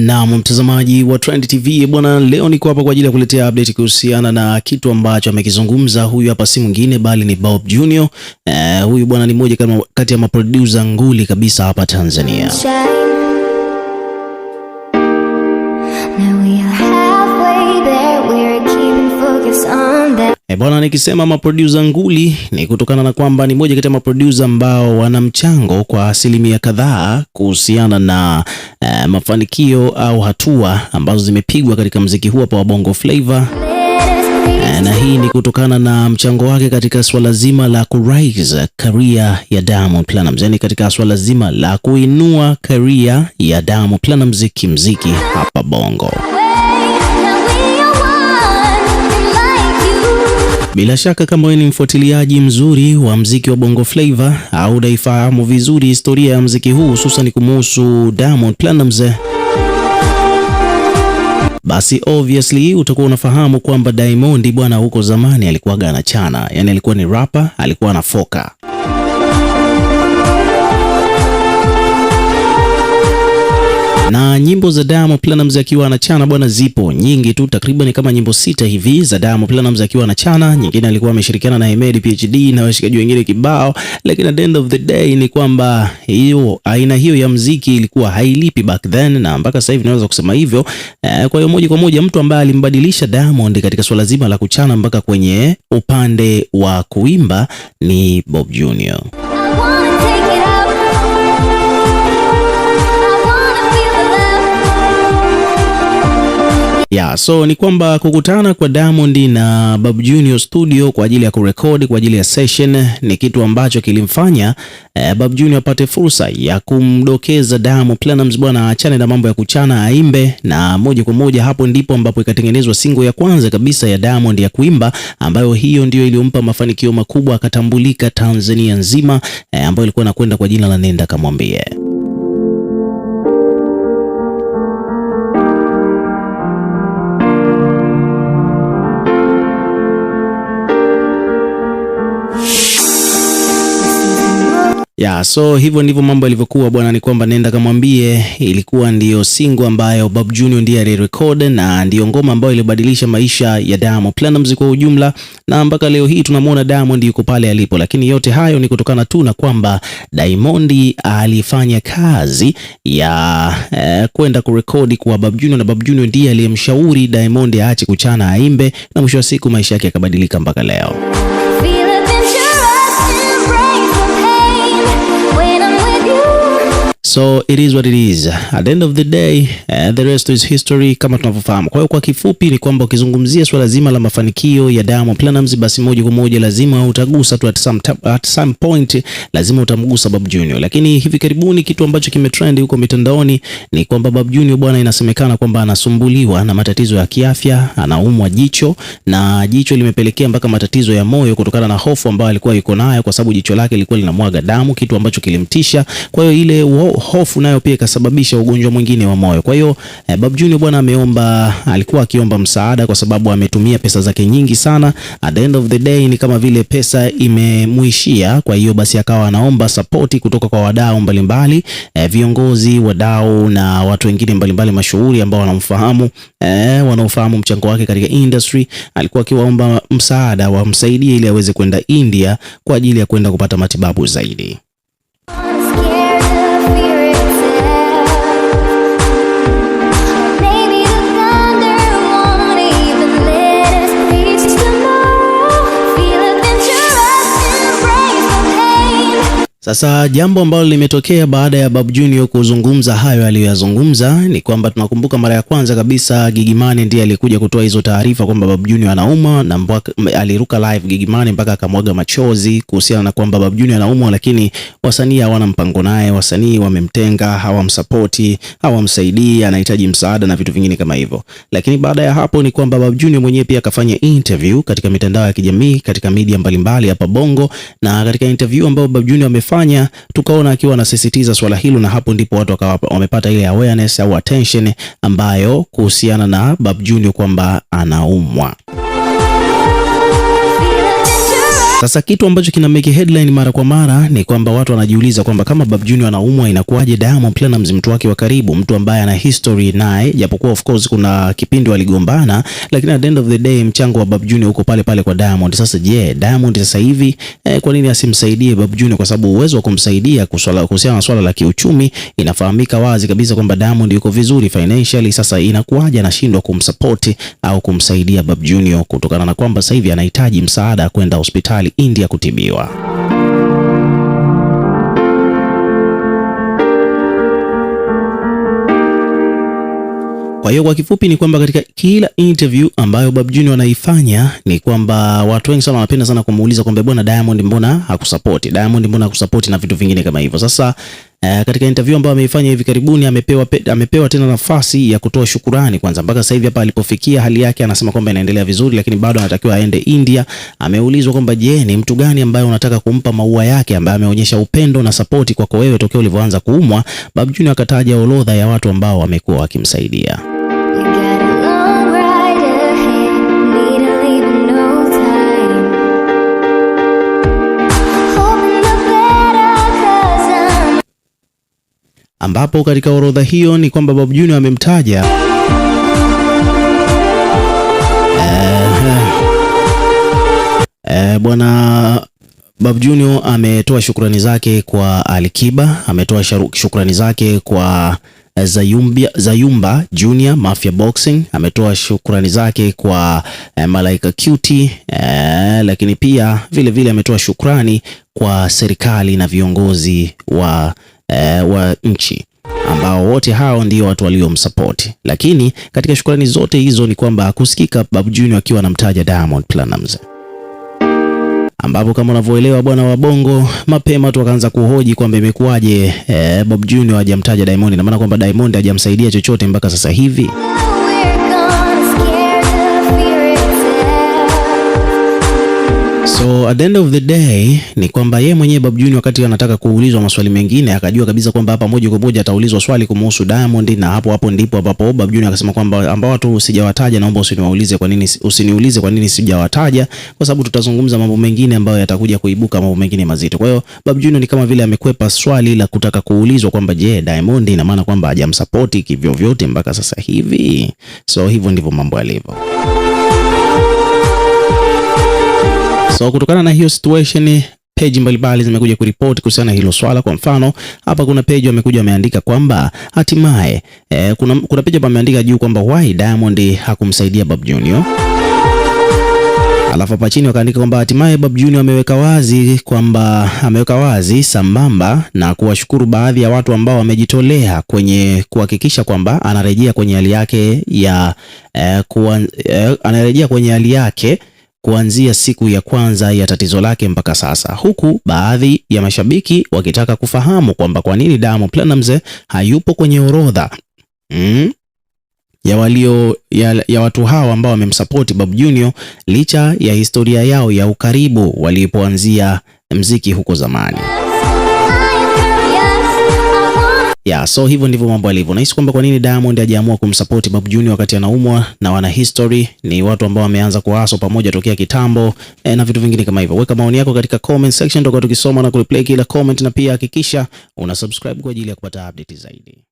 Na mtazamaji wa Trend TV bwana, leo niko hapa kwa ajili ya kuletea update kuhusiana na kitu ambacho amekizungumza huyu hapa, si mwingine bali ni Bob Junior. Eh, huyu bwana ni mmoja kati ya maproducer nguli kabisa hapa Tanzania. E bwana, nikisema maproducer nguli ni kutokana na kwamba ni moja kati ya maproducer ambao wana mchango kwa asilimia kadhaa kuhusiana na eh, mafanikio au hatua ambazo zimepigwa katika mziki huu hapa wa Bongo Flava e, na hii ni kutokana na mchango wake katika swala zima la kurise career ya Diamond Platnumz, yani katika swala zima la kuinua karia ya Diamond Platnumz kimziki hapa Bongo. Bila shaka kama wewe ni mfuatiliaji mzuri wa mziki wa Bongo Flava au unaifahamu vizuri historia ya mziki huu hususan kumuhusu Diamond Platnumz, basi obviously utakuwa unafahamu kwamba Diamond bwana, huko zamani alikuwaga anachana, yani alikuwa ni rapper, alikuwa anafoka na nyimbo za Diamond Platnumz akiwa anachana bwana, zipo nyingi tu, takriban kama nyimbo sita hivi za Diamond Platnumz akiwa anachana. Nyingine alikuwa ameshirikiana na Ahmed PhD na washikaji wengine kibao, lakini at the end of the day ni kwamba hiyo aina hiyo ya mziki ilikuwa hailipi back then, na mpaka sasa hivi naweza kusema hivyo. Eh, kwa hiyo moja kwa moja mtu ambaye alimbadilisha Diamond katika swala zima la kuchana mpaka kwenye upande wa kuimba ni Bob Junior. Yeah, so ni kwamba kukutana kwa Diamond na Babu Junior studio kwa ajili ya kurekodi kwa ajili ya session ni kitu ambacho kilimfanya eh, Babu Junior apate fursa ya kumdokeza Diamond Platnumz bwana achane na mambo ya kuchana aimbe, na moja kwa moja hapo ndipo ambapo ikatengenezwa single ya kwanza kabisa ya Diamond ya kuimba, ambayo hiyo ndio iliyompa mafanikio makubwa, akatambulika Tanzania nzima eh, ambayo ilikuwa inakwenda kwa jina la Nenda Kamwambie. Ya, so hivyo ndivyo mambo yalivyokuwa bwana, ni kwamba nenda kamwambie, ilikuwa ndiyo singo ambayo Bob Junior ndiye alirecord na ndiyo ngoma ambayo ilibadilisha maisha ya Diamond Platnumz kwa ujumla, na mpaka leo hii tunamwona Diamond yuko pale alipo, lakini yote hayo ni kutokana tu na kwamba Diamond alifanya kazi ya eh, kwenda kurekodi kwa Bob Junior, na Bob Junior ndiye aliyemshauri Diamond aache kuchana aimbe, na mwisho wa siku maisha yake yakabadilika mpaka leo. So it is what it is. At the end of the day, uh, the rest is history kama tunavyofahamu. Kwa hiyo kwa kifupi ni kwamba ukizungumzia swala zima la mafanikio ya Diamond Platnumz, basi moja kwa moja lazima utagusa tu at some, at some point lazima utamgusa Bob Junior. Lakini hivi karibuni kitu ambacho kimetrend huko mitandaoni ni kwamba Bob Junior bwana, inasemekana kwamba anasumbuliwa na matatizo ya kiafya, anaumwa jicho na jicho limepelekea mpaka matatizo ya moyo kutokana na hofu ambayo alikuwa yuko nayo, kwa sababu jicho lake lilikuwa linamwaga damu, kitu ambacho kilimtisha. Kwa hiyo ile hofu nayo pia ikasababisha ugonjwa mwingine wa moyo. Kwa hiyo eh, Bob Junior bwana ameomba, alikuwa akiomba msaada kwa sababu ametumia pesa zake nyingi sana. At the end of the day ni kama vile pesa imemuishia kwa hiyo basi akawa anaomba support kutoka kwa wadau mbalimbali eh, viongozi, wadau na watu wengine mbalimbali mashuhuri ambao wanamfahamu eh, wanaofahamu mchango wake katika industry. Alikuwa akiwaomba msaada wamsaidie ili aweze kwenda India kwa ajili ya kwenda kupata matibabu zaidi. Sasa jambo ambalo limetokea baada ya Babu Junior kuzungumza hayo aliyoyazungumza ni kwamba tunakumbuka mara ya kwanza kabisa Gigimani ndiye alikuja kutoa hizo taarifa kwamba Babu Junior anaumwa na mbaka, aliruka live Gigimani mpaka akamwaga machozi kuhusiana na kwamba Babu Junior anaumwa, lakini wasanii hawana mpango naye, wasanii wamemtenga, hawamsapoti, hawamsaidii, anahitaji msaada na vitu vingine kama hivyo. Lakini baada ya hapo ni kwamba Babu Junior mwenyewe pia akafanya interview katika mitandao ya kijamii, katika media mbalimbali hapa Bongo, na katika interview ambayo Babu Junior amefanya kufanya, tukaona akiwa anasisitiza swala hilo, na hapo ndipo watu wakawa wamepata ile awareness au attention ambayo kuhusiana na Bab Junior kwamba anaumwa. Sasa kitu ambacho kina make headline mara kwa mara ni kwamba watu wanajiuliza kwamba kama Bob Junior anaumwa inakuwaje Diamond Platinumz mtu wake wa karibu, mtu ambaye ana history naye, japokuwa of course kuna kipindi waligombana, lakini at the end of the day mchango wa Bob Junior uko pale pale kwa Diamond. Sasa je, yeah, Diamond sasa hivi eh, kwa nini asimsaidie Bob Junior? Kwa sababu uwezo wa kumsaidia kuhusiana na swala la kiuchumi inafahamika wazi kabisa kwamba Diamond yuko vizuri financially. Sasa inakuwaje anashindwa kumsupport au kumsaidia Bob Junior, kutokana na kwamba sasa hivi anahitaji msaada kwenda hospitali serikali India kutimiwa. Kwa hiyo kwa kifupi ni kwamba katika kila interview ambayo Bob Junior anaifanya ni kwamba watu wengi sana wanapenda sana kumuuliza kwamba bwana Diamond, mbona hakusapoti Diamond, mbona hakusapoti na vitu vingine kama hivyo. Sasa Uh, katika interview ambayo ameifanya hivi karibuni amepewa, amepewa tena nafasi ya kutoa shukurani kwanza. Mpaka sasa hivi hapa alipofikia hali yake anasema kwamba inaendelea vizuri, lakini bado anatakiwa aende India. Ameulizwa kwamba je, ni mtu gani ambaye unataka kumpa maua yake ambaye ameonyesha upendo na sapoti kwako wewe tokea ulivyoanza kuumwa? Babu Junior akataja orodha ya watu ambao wamekuwa wakimsaidia. ambapo katika orodha hiyo ni kwamba Bob Junior amemtaja bwana Bob Junior ametoa shukrani zake kwa Alikiba, ametoa shukrani zake kwa eh, Zayumbia, Zayumba Junior Mafia Boxing ametoa shukrani zake kwa eh, Malaika Cutie eh, lakini pia vilevile ametoa shukrani kwa serikali na viongozi wa e, wa nchi ambao wote hao ndio watu waliomsapoti, lakini katika shukrani zote hizo ni kwamba hakusikika Babu Junior akiwa anamtaja Diamond Platnumz, ambapo kama unavyoelewa bwana wa Bongo, mapema tu wakaanza kuhoji kwamba imekuwaje, eh, Babu Junior hajamtaja Diamond, na maana kwamba Diamond hajamsaidia chochote mpaka sasa hivi. So at the end of the day ni kwamba yeye mwenyewe Babu Junior wakati anataka kuulizwa maswali mengine akajua kabisa kwamba hapa moja kwa moja ataulizwa swali kumuhusu Diamond, na hapo hapo ndipo ambapo Babu Junior akasema kwamba ambao watu sijawataja, naomba usiniwaulize kwa nini, usiniulize kwa nini sijawataja, kwa sababu tutazungumza mambo mengine ambayo yatakuja kuibuka mambo mengine mazito. Kwa hiyo Babu Junior ni kama vile amekwepa swali la kutaka kuulizwa kwamba je, Diamond ina maana kwamba hajamsupport kivyo vyote mpaka sasa hivi. So hivyo ndivyo mambo yalivyo. So kutokana na hiyo situation page mbalimbali zimekuja kuripoti kuhusiana na hilo swala. Kwa mfano hapa kuna page wamekuja wameandika kwamba hatimaye eh, kuna, kuna page hapa ameandika juu kwamba why Diamond hakumsaidia Bob Junior. Alafu hapa chini wakaandika kwamba hatimaye Bob Junior ameweka wazi kwamba ameweka wazi sambamba na kuwashukuru baadhi ya watu ambao wamejitolea kwenye kuhakikisha kwamba anarejea kwenye hali yake ya eh, kuwa, eh, anarejea kwenye hali yake kuanzia siku ya kwanza ya tatizo lake mpaka sasa, huku baadhi ya mashabiki wakitaka kufahamu kwamba kwa nini Diamond Platnumz hayupo kwenye orodha mm? ya walio ya, ya watu hao ambao wamemsupport Bob Junior licha ya historia yao ya ukaribu walipoanzia mziki huko zamani. Yeah, so hivyo ndivyo mambo yalivyo. Nahisi kwamba kwa nini Diamond hajaamua kumsupport Babu Junior wakati anaumwa, na wana history ni watu ambao wameanza kuaso pamoja tokea kitambo eh, na vitu vingine kama hivyo. Weka maoni yako katika comment section, tutakuwa tukisoma na kureplay kila comment, na pia hakikisha una subscribe kwa ajili ya kupata update zaidi.